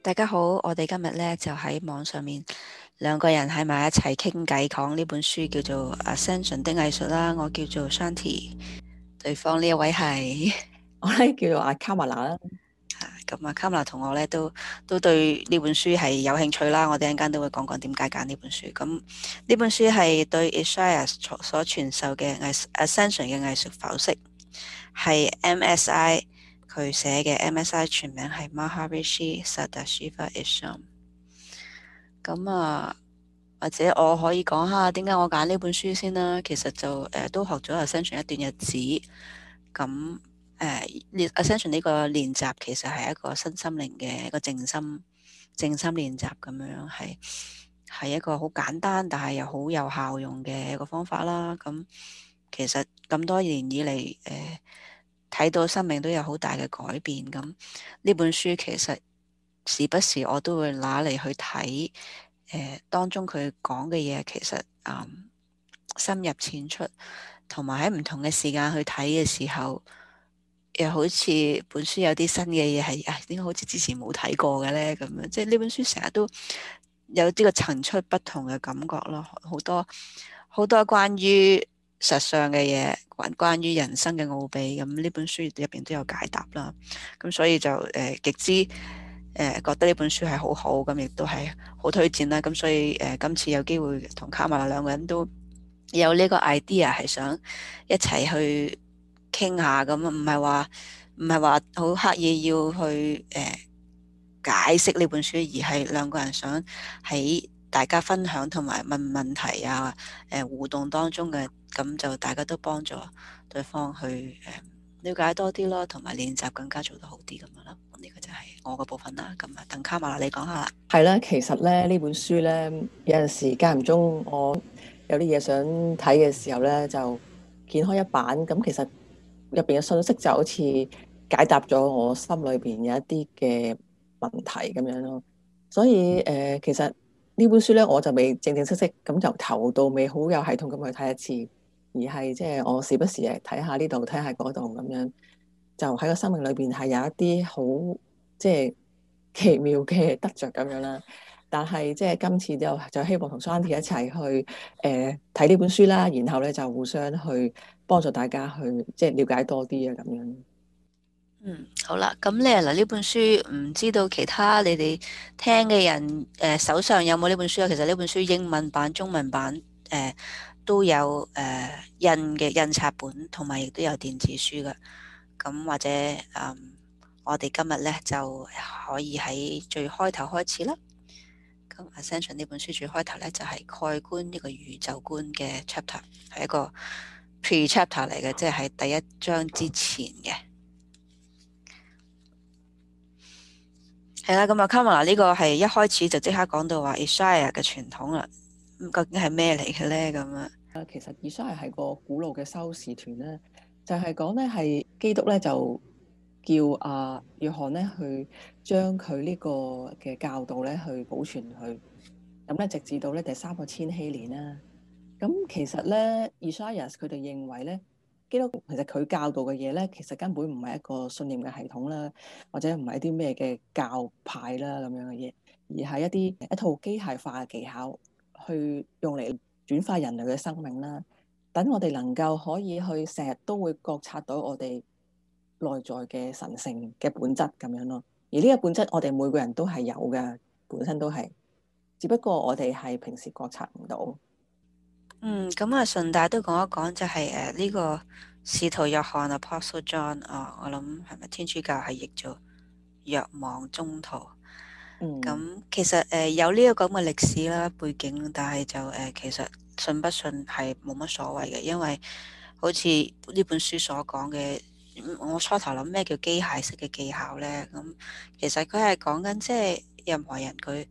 大家好，我哋今日呢就喺網上面兩個人喺埋一齊傾偈，講呢本書叫做《Ascension 嘅藝術》啦。我叫做 Shanti，對方呢一位係。我呢叫做阿卡瑪納啦，咁啊卡瑪納同學呢都都對呢本書係有興趣啦。我哋陣間都會講講點解揀呢本書。咁呢本書係對 Ishaya 所傳授嘅 Ascension 嘅藝術剖析，係 M.S.I 佢寫嘅。M.S.I 全名係 Maharishi Sadashiva Isham。咁啊，或者我可以講下點解我揀呢本書先啦。其實就誒、呃、都學咗 Ascension 一段日子，咁。誒 Ascension 呢個練習其實係一個身心靈嘅一個靜心、靜心練習咁樣，係係一個好簡單，但係又好有效用嘅一個方法啦。咁其實咁多年以嚟，誒、呃、睇到生命都有好大嘅改變。咁呢本書其實時不時我都會拿嚟去睇，誒、呃、當中佢講嘅嘢其實嗯深入淺出，同埋喺唔同嘅時間去睇嘅時候。又好似本書有啲新嘅嘢係，啊點解好似之前冇睇過嘅咧？咁樣即係呢本書成日都有啲個層出不窮嘅感覺咯，好多好多關於實相嘅嘢，關關於人生嘅奧秘，咁呢本書入邊都有解答啦。咁所以就誒極之誒覺得呢本書係好好，咁亦都係好推薦啦。咁所以誒今次有機會同卡馬兩個人都有呢個 idea 係想一齊去，傾下咁啊，唔係話唔係話好刻意要去誒、欸、解釋呢本書，而係兩個人想喺大家分享同埋問問題啊誒、欸、互動當中嘅咁就大家都幫助對方去誒瞭、欸、解多啲咯，同埋練習更加做得好啲咁樣咯。呢個就係我嘅部分啦。咁啊，鄧卡瑪你講下啦。係啦，其實咧呢本書咧有陣時間唔中，我有啲嘢想睇嘅時候咧就掀開一版，咁其實。入邊嘅信息就好似解答咗我心裏邊有一啲嘅問題咁樣咯，所以誒、呃，其實呢本書咧，我就未正正式式咁由頭到尾好有系統咁去睇一次，而係即係我時不時誒睇下呢度睇下嗰度咁樣，就喺個生命裏邊係有一啲好即係奇妙嘅得着咁樣啦。但係即係今次就就希望同 Shanti 一齊去誒睇呢本書啦，然後咧就互相去幫助大家去即係了解多啲啊咁樣。嗯，好啦，咁咧嗱，呢本書唔知道其他你哋聽嘅人誒手上有冇呢本書啊？其實呢本書英文版、中文版誒、呃、都有誒印嘅印刷本，同埋亦都有電子書噶。咁或者誒、嗯，我哋今日咧就可以喺最開頭開始啦。Ascension》呢 As 本書主開頭咧就係、是、概觀一個宇宙觀嘅 chapter，係一個 pre chapter 嚟嘅，即係喺第一章之前嘅。係啦、嗯，咁啊卡 a m 呢個係一開始就即刻講到話 Israel 嘅傳統啦。咁究竟係咩嚟嘅咧？咁啊，其實 Israel 係個古老嘅修士團啦，就係講咧係基督咧就。叫啊，約翰咧去將佢呢個嘅教導咧去保存去咁咧，直至到咧第三個千禧年啦。咁、嗯、其實咧 Eshayas 佢哋認為咧，基督其實佢教導嘅嘢咧，其實根本唔係一個信念嘅系統啦，或者唔係一啲咩嘅教派啦咁樣嘅嘢，而係一啲一套機械化嘅技巧去用嚟轉化人類嘅生命啦。等我哋能夠可以去成日都會覺察到我哋內在嘅神聖嘅本質咁樣咯，而呢個本質我哋每個人都係有嘅，本身都係，只不過我哋係平時覺察唔到。嗯、咁、就是、啊順帶都講一講就係誒呢個使徒約翰啊 Apostle John 啊，我諗係咪天主教係譯咗若望宗徒」嗯？咁其實誒、啊、有呢個咁嘅歷史啦背景，但係就誒、啊、其實信不信係冇乜所謂嘅，因為好似呢本書所講嘅。我初頭諗咩叫機械式嘅技巧呢？咁、嗯、其實佢係講緊即係任何人佢，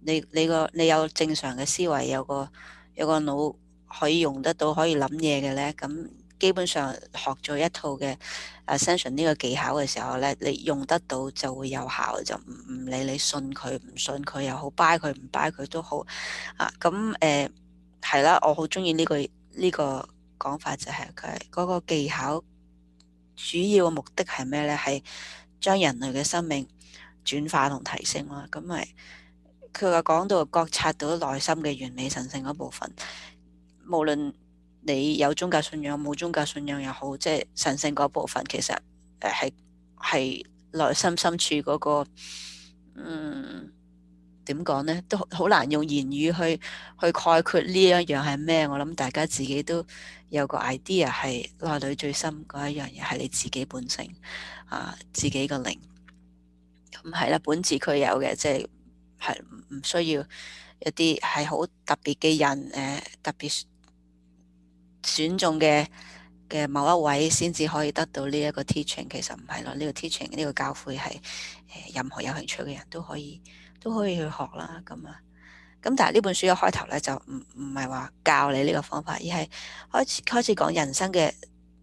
你你個你有正常嘅思維，有個有個腦可以用得到，可以諗嘢嘅呢。咁、嗯、基本上學咗一套嘅 Ascension 呢個技巧嘅時候呢，你用得到就會有效，就唔唔理你信佢唔信佢又好，掰佢唔掰佢都好啊。咁誒係啦，我好中意呢個呢、呢個講法就係佢嗰個技巧。主要嘅目的係咩呢？係將人類嘅生命轉化同提升咯。咁咪佢話講到覺察到內心嘅完美神聖嗰部分，無論你有宗教信仰冇宗教信仰又好，即係神聖嗰部分，其實誒係，係內心深處嗰個嗯。點講呢？都好難用言語去去概括呢一樣係咩？我諗大家自己都有個 idea，係內裏最深嗰一樣嘢係你自己本性啊，自己個靈咁係啦，本自佢有嘅，即係係唔需要一啲係好特別嘅人，誒、啊，特別選中嘅嘅某一位先至可以得到呢一個 teaching。其實唔係咯，呢個 teaching 呢個教誨係、這個啊、任何有興趣嘅人都可以。都可以去學啦，咁啊，咁但係呢本書一開頭咧就唔唔係話教你呢個方法，而係開始開始講人生嘅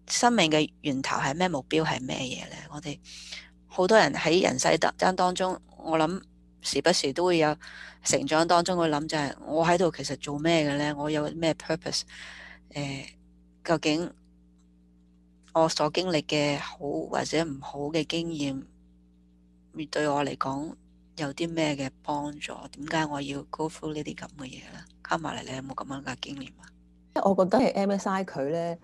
生命嘅源頭係咩目標係咩嘢咧？我哋好多人喺人世特爭當中，我諗時不時都會有成長當中會諗，就係我喺度其實做咩嘅咧？我有咩 purpose？誒、欸，究竟我所經歷嘅好或者唔好嘅經驗，對對我嚟講，有啲咩嘅幫助？點解我要 go through 呢啲咁嘅嘢咧？加埋嚟，你有冇咁樣嘅經驗啊？因為我覺得係 M S I 佢咧，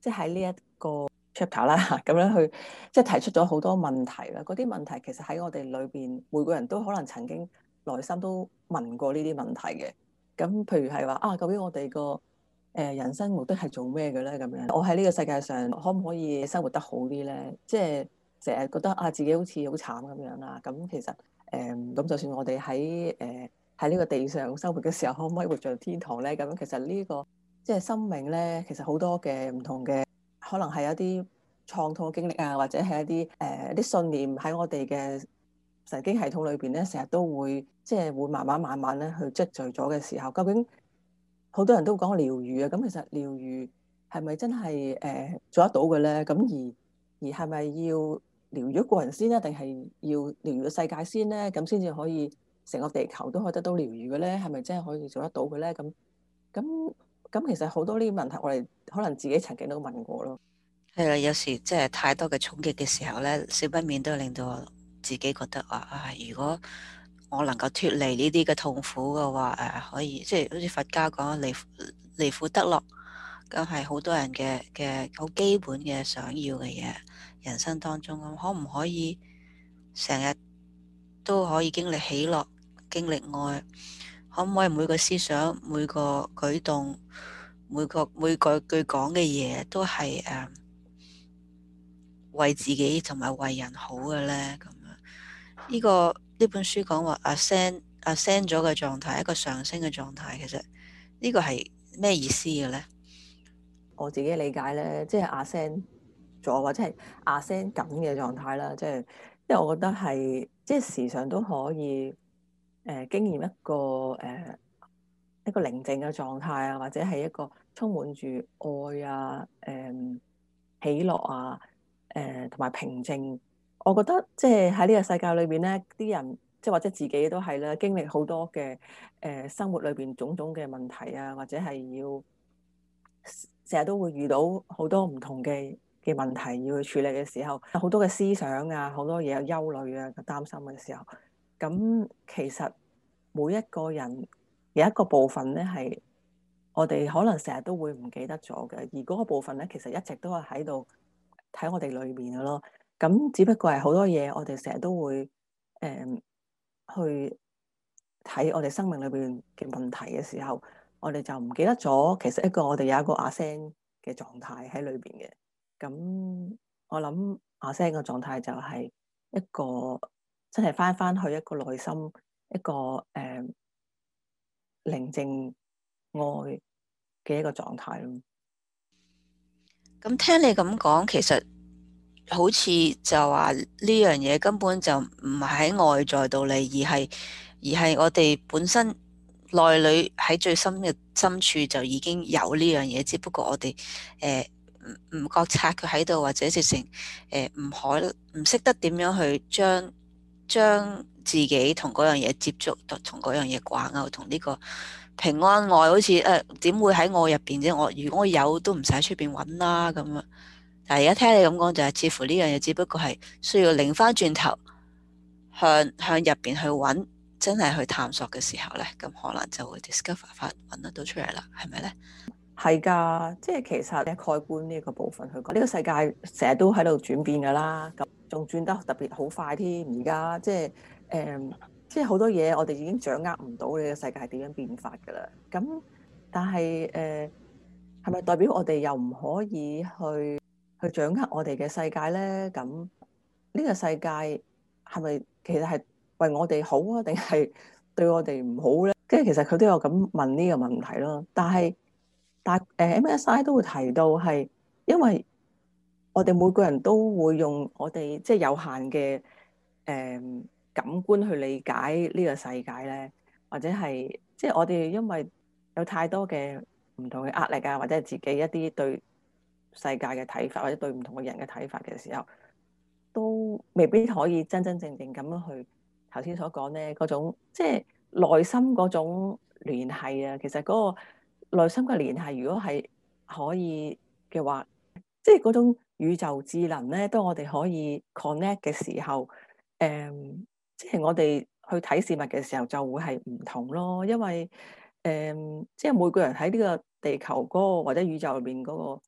即係喺呢一個 chapter 啦，咁樣去即係、就是、提出咗好多問題啦。嗰啲問題其實喺我哋裏邊，每個人都可能曾經內心都問過呢啲問題嘅。咁譬如係話啊，究竟我哋個誒人生目的係做咩嘅咧？咁樣我喺呢個世界上可唔可以生活得好啲咧？即係成日覺得啊，自己好似好慘咁樣啦。咁其實～誒咁，就算我哋喺誒喺呢個地上生活嘅時候，可唔可以活在天堂咧？咁其實呢個即係生命咧，其實好多嘅唔同嘅，可能係一啲創痛嘅經歷啊，或者係一啲誒啲信念喺我哋嘅神經系統裏邊咧，成日都會即係會慢慢慢慢咧去積聚咗嘅時候，究竟好多人都講療愈啊，咁其實療愈係咪真係誒做得到嘅咧？咁而而係咪要？療愈個人先咧，定係要療愈個世界先咧？咁先至可以成個地球都可以得到療愈嘅咧？係咪真係可以做得到嘅咧？咁咁咁，其實好多呢啲問題，我哋可能自己曾經都問過咯。係啦，有時即係太多嘅衝擊嘅時候咧，少不免都令到我自己覺得啊，如果我能夠脫離呢啲嘅痛苦嘅話，誒、啊，可以即係好似佛家講離離苦得樂。咁係好多人嘅嘅好基本嘅想要嘅嘢，人生當中咁，可唔可以成日都可以經歷喜樂、經歷愛，可唔可以每個思想、每個舉動、每個每個句講嘅嘢都係誒、啊、為自己同埋為人好嘅咧？咁樣呢、這個呢本書講話，ascend ascend 咗嘅狀態，一個上升嘅狀態，其實呢個係咩意思嘅咧？我自己理解咧，即係阿聲咗或者係阿聲緊嘅狀態啦，即係，即係我覺得係即係時常都可以誒、呃、經驗一個誒、呃、一個寧靜嘅狀態啊，或者係一個充滿住愛啊、誒、呃、喜樂啊、誒同埋平靜，我覺得即係喺呢個世界裏邊咧，啲人即係或者自己都係啦，經歷好多嘅誒、呃、生活裏邊種種嘅問題啊，或者係要。成日都會遇到好多唔同嘅嘅問題要去處理嘅時候，好多嘅思想啊，好多嘢有憂慮啊、擔心嘅時候，咁其實每一個人有一個部分咧，係我哋可能成日都會唔記得咗嘅，而嗰個部分咧，其實一直都係喺度睇我哋裏面嘅咯。咁只不過係好多嘢，我哋成日都會誒、嗯、去睇我哋生命裏邊嘅問題嘅時候。我哋就唔記得咗，其實一個我哋有一個阿聲嘅狀態喺裏邊嘅。咁我諗阿聲嘅狀態就係一個真係翻返去一個內心一個誒、呃、寧靜愛嘅一個狀態咯。咁聽你咁講，其實好似就話呢樣嘢根本就唔係喺外在度嚟，而係而係我哋本身。內裏喺最深嘅深處就已經有呢樣嘢，只不過我哋誒唔唔覺察佢喺度，或者直情誒唔可唔識得點樣去將將自己同嗰樣嘢接觸，同同嗰樣嘢掛鈎，同呢個平安外好似誒點會喺我入邊啫？我如果我有都唔使出邊揾啦咁樣。但係而家聽你咁講就係、是，似乎呢樣嘢只不過係需要擰翻轉頭向向入邊去揾。真係去探索嘅時候咧，咁可能就會 discover 翻揾得到出嚟啦，係咪咧？係㗎，即係其實嘅概觀呢個部分去講，呢個世界成日都喺度轉變㗎啦，咁仲轉得特別好快添。而家即係誒，即係好多嘢我哋已經掌握唔到你個世界係點樣變化㗎啦。咁但係誒，係咪代表我哋又唔可以去去掌握我哋嘅世界咧？咁呢個世界係咪其實係？係我哋好啊，定係對我哋唔好咧？即係其實佢都有咁問呢個問題咯。但係但誒，MSI 都會提到係，因為我哋每個人都會用我哋即係有限嘅誒、嗯、感官去理解呢個世界咧，或者係即係我哋因為有太多嘅唔同嘅壓力啊，或者係自己一啲對世界嘅睇法，或者對唔同嘅人嘅睇法嘅時候，都未必可以真真正正咁樣去。頭先所講咧，嗰種即係內心嗰種聯繫啊，其實嗰個內心嘅聯繫，如果係可以嘅話，即係嗰種宇宙智能咧，當我哋可以 connect 嘅時候，誒、嗯，即係我哋去睇事物嘅時候就會係唔同咯，因為誒、嗯，即係每個人喺呢個地球嗰個或者宇宙入邊嗰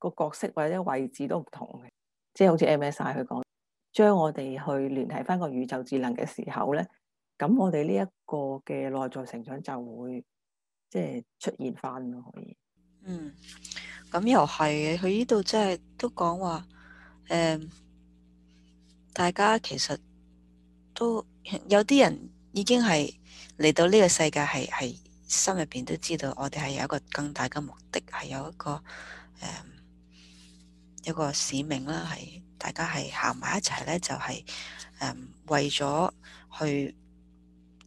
個個角色或者位置都唔同嘅，即係好似 MSI 佢講。將我哋去聯繫翻個宇宙智能嘅時候咧，咁我哋呢一個嘅內在成長就會即係、就是、出現翻咯，可以。嗯，咁又係嘅，佢呢度即係都講話，誒、嗯，大家其實都有啲人已經係嚟到呢個世界，係係心入邊都知道，我哋係有一個更大嘅目的，係有一個誒。嗯一個使命啦，係大家係行埋一齊呢，就係、是、誒、嗯、為咗去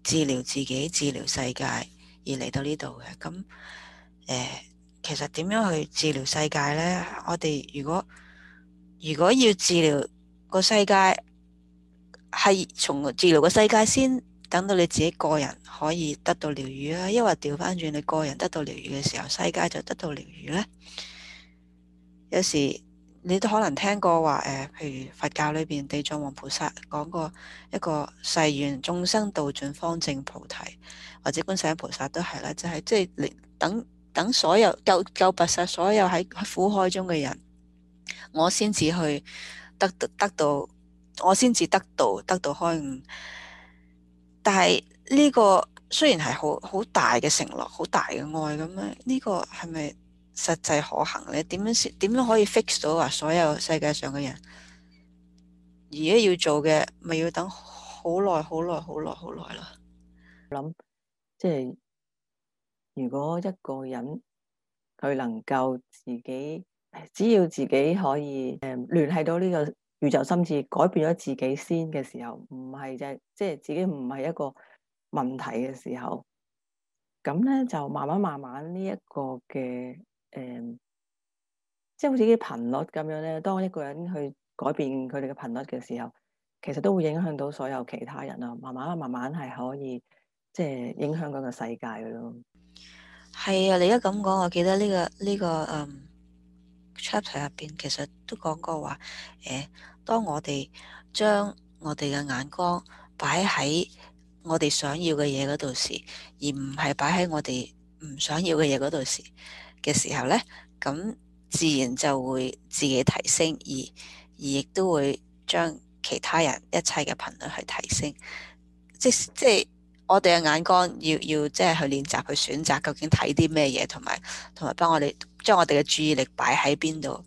治療自己、治療世界而嚟到呢度嘅。咁、呃、其實點樣去治療世界呢？我哋如果如果要治療個世界，係從治療個世界先，等到你自己個人可以得到療愈啦，抑或調返轉你個人得到療愈嘅時候，世界就得到療愈呢？有時。你都可能聽過話誒、呃，譬如佛教裏邊地藏王菩薩講過一個誓願，眾生度盡方證菩提，或者觀世音菩薩都係啦，就係即係你等等所有救救拔曬所有喺苦海中嘅人，我先至去得到得到，我先至得到得到開悟。但係呢個雖然係好好大嘅承諾，好大嘅愛咁樣，呢、呢個係咪？實際可行咧？點樣先？點樣可以 fix 到啊？所有世界上嘅人而家要做嘅，咪要等好耐、好耐、好耐、好耐啦。諗即係如果一個人佢能夠自己，只要自己可以誒、嗯、聯繫到呢個宇宙心智，改變咗自己先嘅時候，唔係就係即係自己唔係一個問題嘅時候。咁咧就慢慢慢慢呢一個嘅。誒、嗯，即係好似啲頻率咁樣咧。當一個人去改變佢哋嘅頻率嘅時候，其實都會影響到所有其他人啊。慢慢慢慢係可以，即係影響嗰個世界嘅。咯。係啊，你而家咁講，我記得呢、這個呢、這個嗯、um, chapter 入邊，其實都講過話，誒、欸，當我哋將我哋嘅眼光擺喺我哋想要嘅嘢嗰度時，而唔係擺喺我哋唔想要嘅嘢嗰度時。嘅時候呢，咁自然就會自己提升，而而亦都會將其他人一切嘅頻率去提升。即即係我哋嘅眼光要要即係去練習去選擇究竟睇啲咩嘢，同埋同埋幫我哋將我哋嘅注意力擺喺邊度。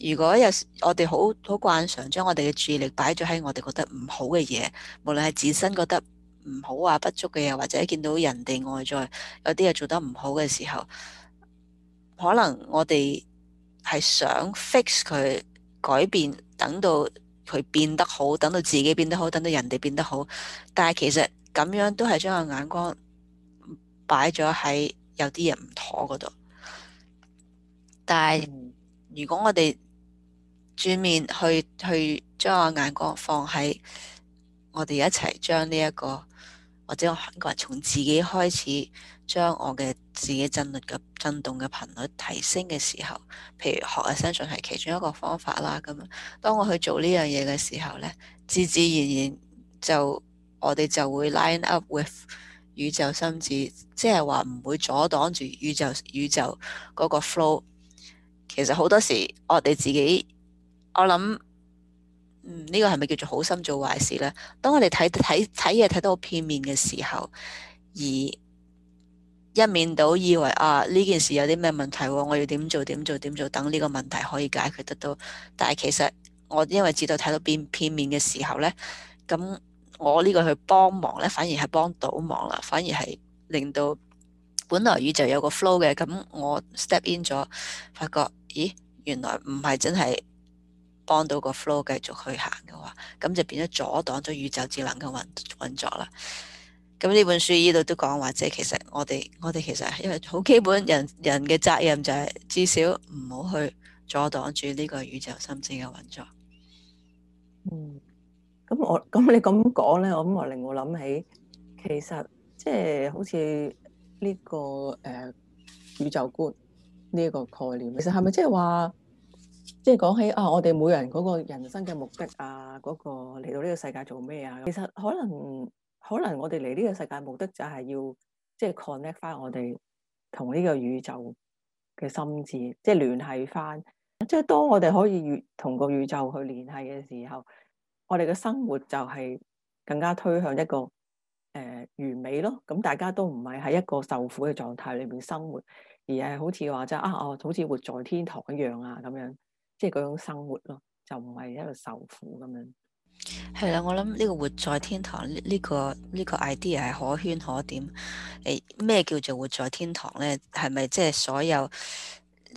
如果有我哋好好慣常將我哋嘅注意力擺咗喺我哋覺得唔好嘅嘢，無論係自身覺得唔好呀、不足嘅嘢，或者見到人哋外在有啲嘢做得唔好嘅時候。可能我哋係想 fix 佢改變，等到佢變得好，等到自己變得好，等到人哋變得好。但係其實咁樣都係將個眼光擺咗喺有啲嘢唔妥嗰度。但係如果我哋轉面去去將個眼光放喺我哋一齊將呢一個，或者我個人從自己開始。將我嘅自己震率嘅振動嘅頻率提升嘅時候，譬如學嘅聲場係其中一個方法啦。咁當我去做呢樣嘢嘅時候呢，自自然然就我哋就會 line up with 宇宙心智，即係話唔會阻擋住宇宙宇宙嗰個 flow。其實好多時我哋自己，我諗呢、嗯呢個係咪叫做好心做壞事呢？當我哋睇睇睇嘢睇得好片面嘅時候，而一面倒以為啊呢件事有啲咩問題喎，我要點做點做點做，等呢個問題可以解決得到。但係其實我因為直到睇到變片面嘅時候呢，咁我呢個去幫忙呢，反而係幫倒忙啦，反而係令到本來宇宙有個 flow 嘅，咁我 step in 咗，發覺，咦原來唔係真係幫到個 flow 繼續去行嘅話，咁就變咗阻擋咗宇宙智能嘅運運作啦。咁呢本書依度都講話，即其實我哋我哋其實係因為好基本，人人嘅責任就係、是、至少唔好去阻擋住呢個宇宙心智嘅運作。嗯，咁我咁你咁講咧，我咁我令我諗起，其實即係好似呢、這個誒、呃、宇宙觀呢一、這個概念，其實係咪即係話，即係講起啊，我哋每人嗰個人生嘅目的啊，嗰、那個嚟到呢個世界做咩啊？其實可能。可能我哋嚟呢個世界的目的就係要即係、就是、connect 翻我哋同呢個宇宙嘅心智，即係聯繫翻。即、就、係、是、當我哋可以同個宇宙去聯繫嘅時候，我哋嘅生活就係更加推向一個誒、呃、完美咯。咁大家都唔係喺一個受苦嘅狀態裏邊生活，而係好似話就啊哦，好似活在天堂一樣啊咁樣，即係嗰種生活咯，就唔係一個受苦咁樣。係啦，我諗呢個活在天堂呢、呢個呢、呢個 idea 係可圈可點。誒，咩叫做活在天堂呢？係咪即係所有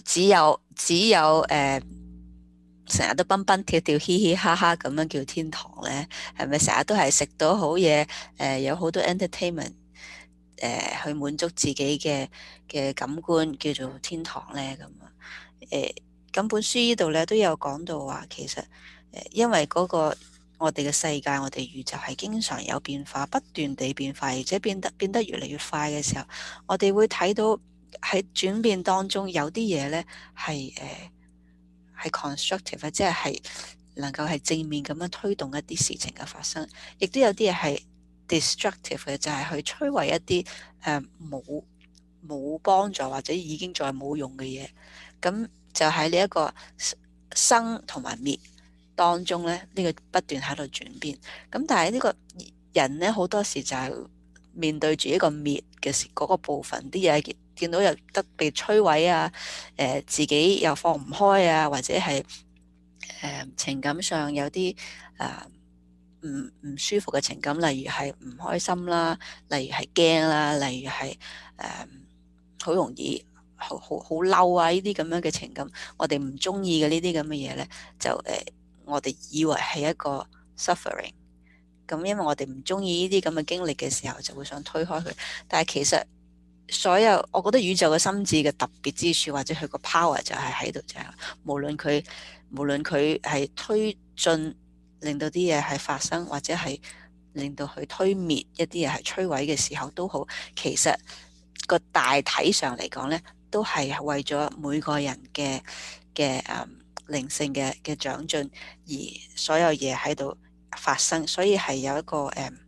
只有只有誒成日都蹦蹦跳跳、嘻嘻哈哈咁樣叫天堂呢？係咪成日都係食到好嘢？誒、呃，有好多 entertainment 誒、呃、去滿足自己嘅嘅感官，叫做天堂呢？咁啊，誒、呃，咁本書呢度咧都有講到話，其實因為嗰、嗰個。我哋嘅世界，我哋宇宙係經常有變化，不斷地變化，而且變得變得越嚟越快嘅時候，我哋會睇到喺轉變當中有啲嘢咧係誒係、呃、constructive，即係係能夠係正面咁樣推動一啲事情嘅發生，亦都有啲嘢係 destructive 嘅，就係去摧毀一啲誒冇冇幫助或者已經再冇用嘅嘢，咁就喺呢一個生同埋滅。當中咧，呢、這個不斷喺度轉變。咁但係呢個人咧，好多時就係面對住一個滅嘅時，嗰、那個部分啲嘢見到又得被摧毀啊，誒、呃，自己又放唔開啊，或者係誒、呃、情感上有啲誒唔唔舒服嘅情感，例如係唔開心啦，例如係驚啦，例如係誒好容易好好好嬲啊。呢啲咁樣嘅情感，我哋唔中意嘅呢啲咁嘅嘢咧，就誒。呃我哋以為係一個 suffering，咁因為我哋唔中意呢啲咁嘅經歷嘅時候，就會想推開佢。但係其實所有，我覺得宇宙嘅心智嘅特別之處，或者佢個 power 就係喺度，就係無論佢，無論佢係推進，令到啲嘢係發生，或者係令到佢推滅一啲嘢係摧毀嘅時候都好。其實個大體上嚟講呢，都係為咗每個人嘅嘅靈性嘅嘅長進，而所有嘢喺度發生，所以係有一個誒、嗯、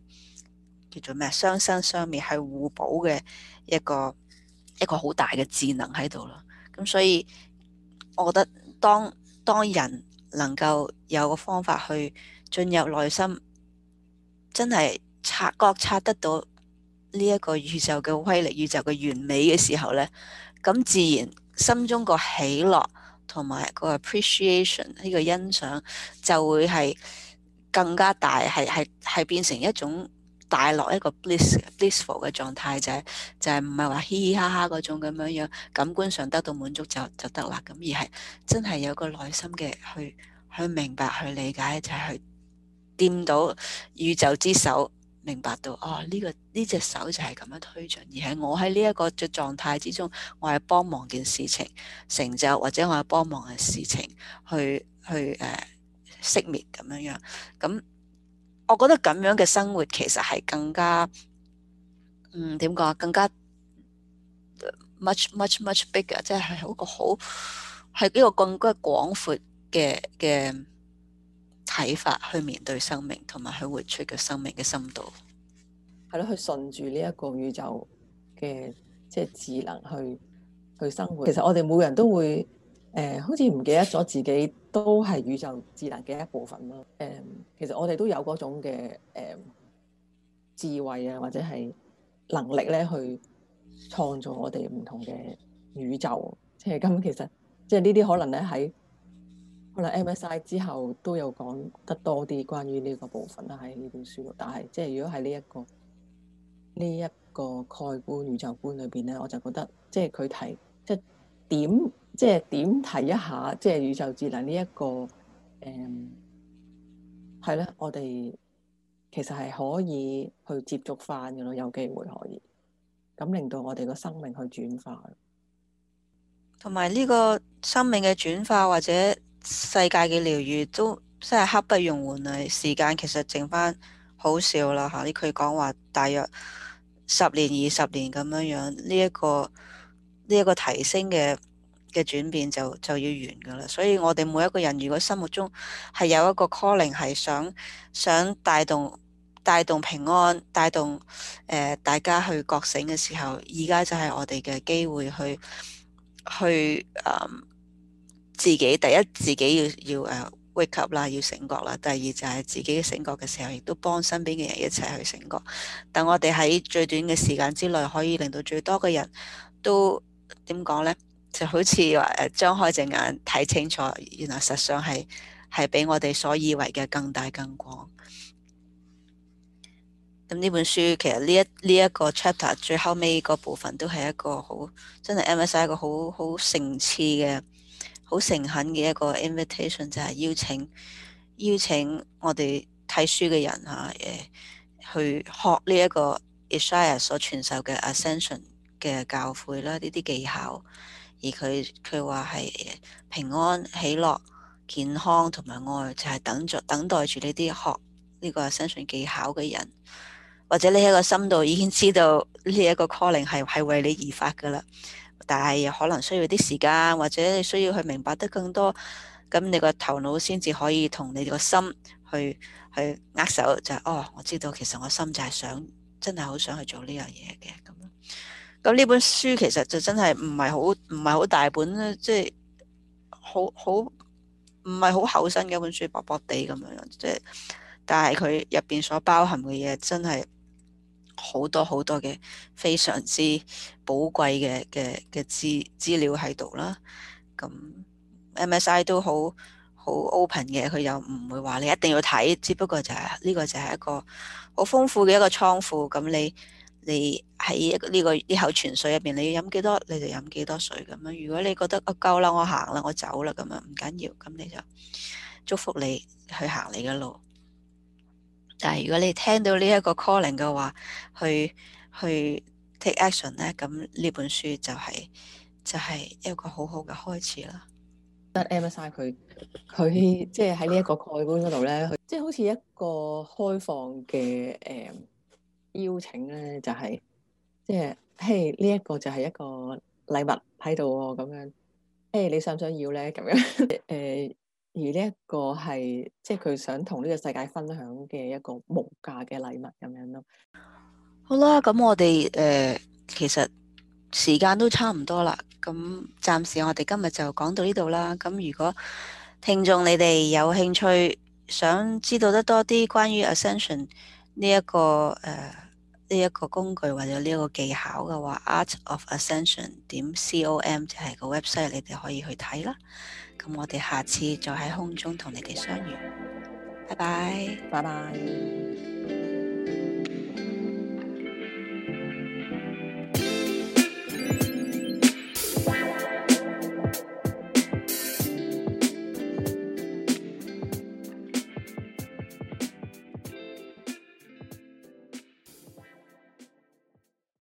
叫做咩，相生相滅係互補嘅一個一個好大嘅智能喺度咯。咁所以我覺得當當人能夠有個方法去進入內心，真係察覺察得到呢一個宇宙嘅威力、宇宙嘅完美嘅時候呢，咁自然心中個喜樂。同埋個 appreciation 呢個欣賞就會係更加大，係係係變成一種大落一個 bliss blissful 嘅狀態就係就係唔係話嘻嘻哈哈嗰種咁樣樣感官上得到滿足就就得啦，咁而係真係有個內心嘅去去明白去理解，就係去掂到宇宙之手。明白到哦，呢個呢隻手就係咁樣推進，而喺我喺呢一個嘅狀態之中，我係幫忙件事情成就，或者我係幫忙嘅事情去去誒熄滅咁樣樣。咁我覺得咁樣嘅生活其實係更加，嗯，點講？更加 much much much bigger，即係係好個好係呢個更加廣闊嘅嘅。睇法去面對生命，同埋去活出嘅生命嘅深度，係咯，去順住呢一個宇宙嘅即係智能去去生活。其實我哋每人都會誒、呃、好似唔記得咗自己都係宇宙智能嘅一部分咯。誒、呃、其實我哋都有嗰種嘅誒、呃、智慧啊，或者係能力咧，去創造我哋唔同嘅宇宙。即係咁，其實即係呢啲可能咧喺。可能 M.S.I 之後都有講得多啲關於呢個部分啦，喺呢本書。但係即係如果喺呢一個呢一個概觀宇宙觀裏邊咧，我就覺得即係佢睇即係點即係點睇一下即係宇宙智能呢一個誒係咧，我哋其實係可以去接觸翻嘅咯，有機會可以咁令到我哋個生命去轉化。同埋呢個生命嘅轉化或者。世界嘅療癒都真係刻不容緩啊！時間其實剩翻好少啦吓，你佢講話大約十年，二十年咁樣樣，呢一個呢一個提升嘅嘅轉變就就要完噶啦。所以我哋每一個人如果心目中係有一個 calling，係想想帶動帶動平安，帶動誒、呃、大家去覺醒嘅時候，而家就係我哋嘅機會去去誒。呃自己第一，自己要要誒 wake up 啦，要醒覺啦。第二就係自己醒覺嘅時候，亦都幫身邊嘅人一齊去醒覺。但我哋喺最短嘅時間之內，可以令到最多嘅人都點講呢？就好似話誒，張開隻眼睇清楚，原來實上係係比我哋所以為嘅更大更廣。咁呢本書其實呢一呢一個 chapter 最後尾個部分都係一個好真係 MSI 一個好好層次嘅。好誠懇嘅一個 invitation 就係邀請邀請我哋睇書嘅人嚇誒、啊、去學呢一個 Isiah 所傳授嘅 Ascension 嘅教會啦，呢啲技巧。而佢佢話係平安喜樂、健康同埋愛，就係、是、等著等待住呢啲學呢個 Ascension 技巧嘅人，或者你喺個深度已經知道呢一個 calling 係係為你而發㗎啦。但係可能需要啲時間，或者你需要去明白得更多，咁你個頭腦先至可以同你個心去去握手，就係哦，我知道其實我心就係想，真係好想去做呢樣嘢嘅咁。咁呢本書其實就真係唔係好唔係好大本，即係好好唔係好厚身嘅一本書，薄薄地咁樣，即係但係佢入邊所包含嘅嘢真係。好多好多嘅非常之寶貴嘅嘅嘅資資料喺度啦，咁 MSI 都好好 open 嘅，佢又唔會話你一定要睇，只不過就係呢個就係一個好豐富嘅一個倉庫，咁你你喺呢個呢口泉水入邊，你要飲幾多你就飲幾多水咁樣，如果你覺得啊夠啦，我行啦，我走啦咁樣唔緊要，咁你就祝福你去行你嘅路。但係如果你聽到呢一個 calling 嘅話，去去 take action 咧，咁呢本書就係、是、就係、是、一個好好嘅開始啦。得 MSI 佢佢，即係喺呢一個概本嗰度咧，即係好似一個開放嘅誒、呃、邀請咧、就是，就係即係嘿呢、這個、一個就係一個禮物喺度喎，咁樣誒你想唔想要咧？咁樣誒。呃而呢一個係即係佢想同呢個世界分享嘅一個無價嘅禮物咁樣咯。好啦，咁我哋誒、呃、其實時間都差唔多啦。咁暫時我哋今日就講到呢度啦。咁如果聽眾你哋有興趣想知道得多啲關於 Ascension 呢、這、一個誒呢一個工具或者呢一個技巧嘅話，Art of Ascension 點 com 就係個 website，你哋可以去睇啦。咁我哋下次再喺空中同你哋相遇，拜拜，拜拜。